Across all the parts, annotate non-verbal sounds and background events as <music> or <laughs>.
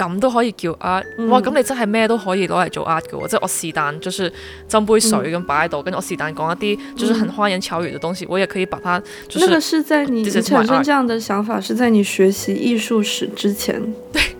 咁、嗯、都可以叫 art！哇，咁你真係咩都可以攞嚟做 art 嘅、嗯、即係我是但就是斟杯水咁擺喺度，跟住我是但講一啲就是很花言巧語嘅東西、嗯，我也可以把它、就是。那個是在你，你產生這樣的想法是在你學習藝術史之前。 <laughs>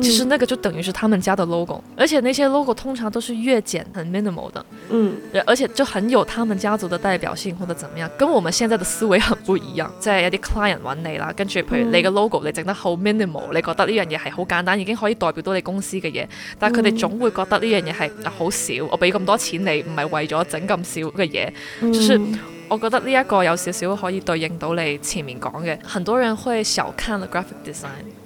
其實那個就等於是他們家的 logo，、嗯、而且那些 logo 通常都是越簡，很 minimal 的、嗯。而且就很有他們家族的代表性或者怎麼樣。咁我們現在嘅思維很不一樣，即、就、係、是、有啲 client 揾你啦，跟住譬如你嘅 logo 你整得好 minimal，、嗯、你覺得呢樣嘢係好簡單，已經可以代表到你公司嘅嘢。但係佢哋總會覺得呢樣嘢係好少，我俾咁多錢你唔係為咗整咁少嘅嘢。所、嗯、以、就是、我覺得呢一個有少少可以對應到你前面講嘅，很多人會小看 graphic design。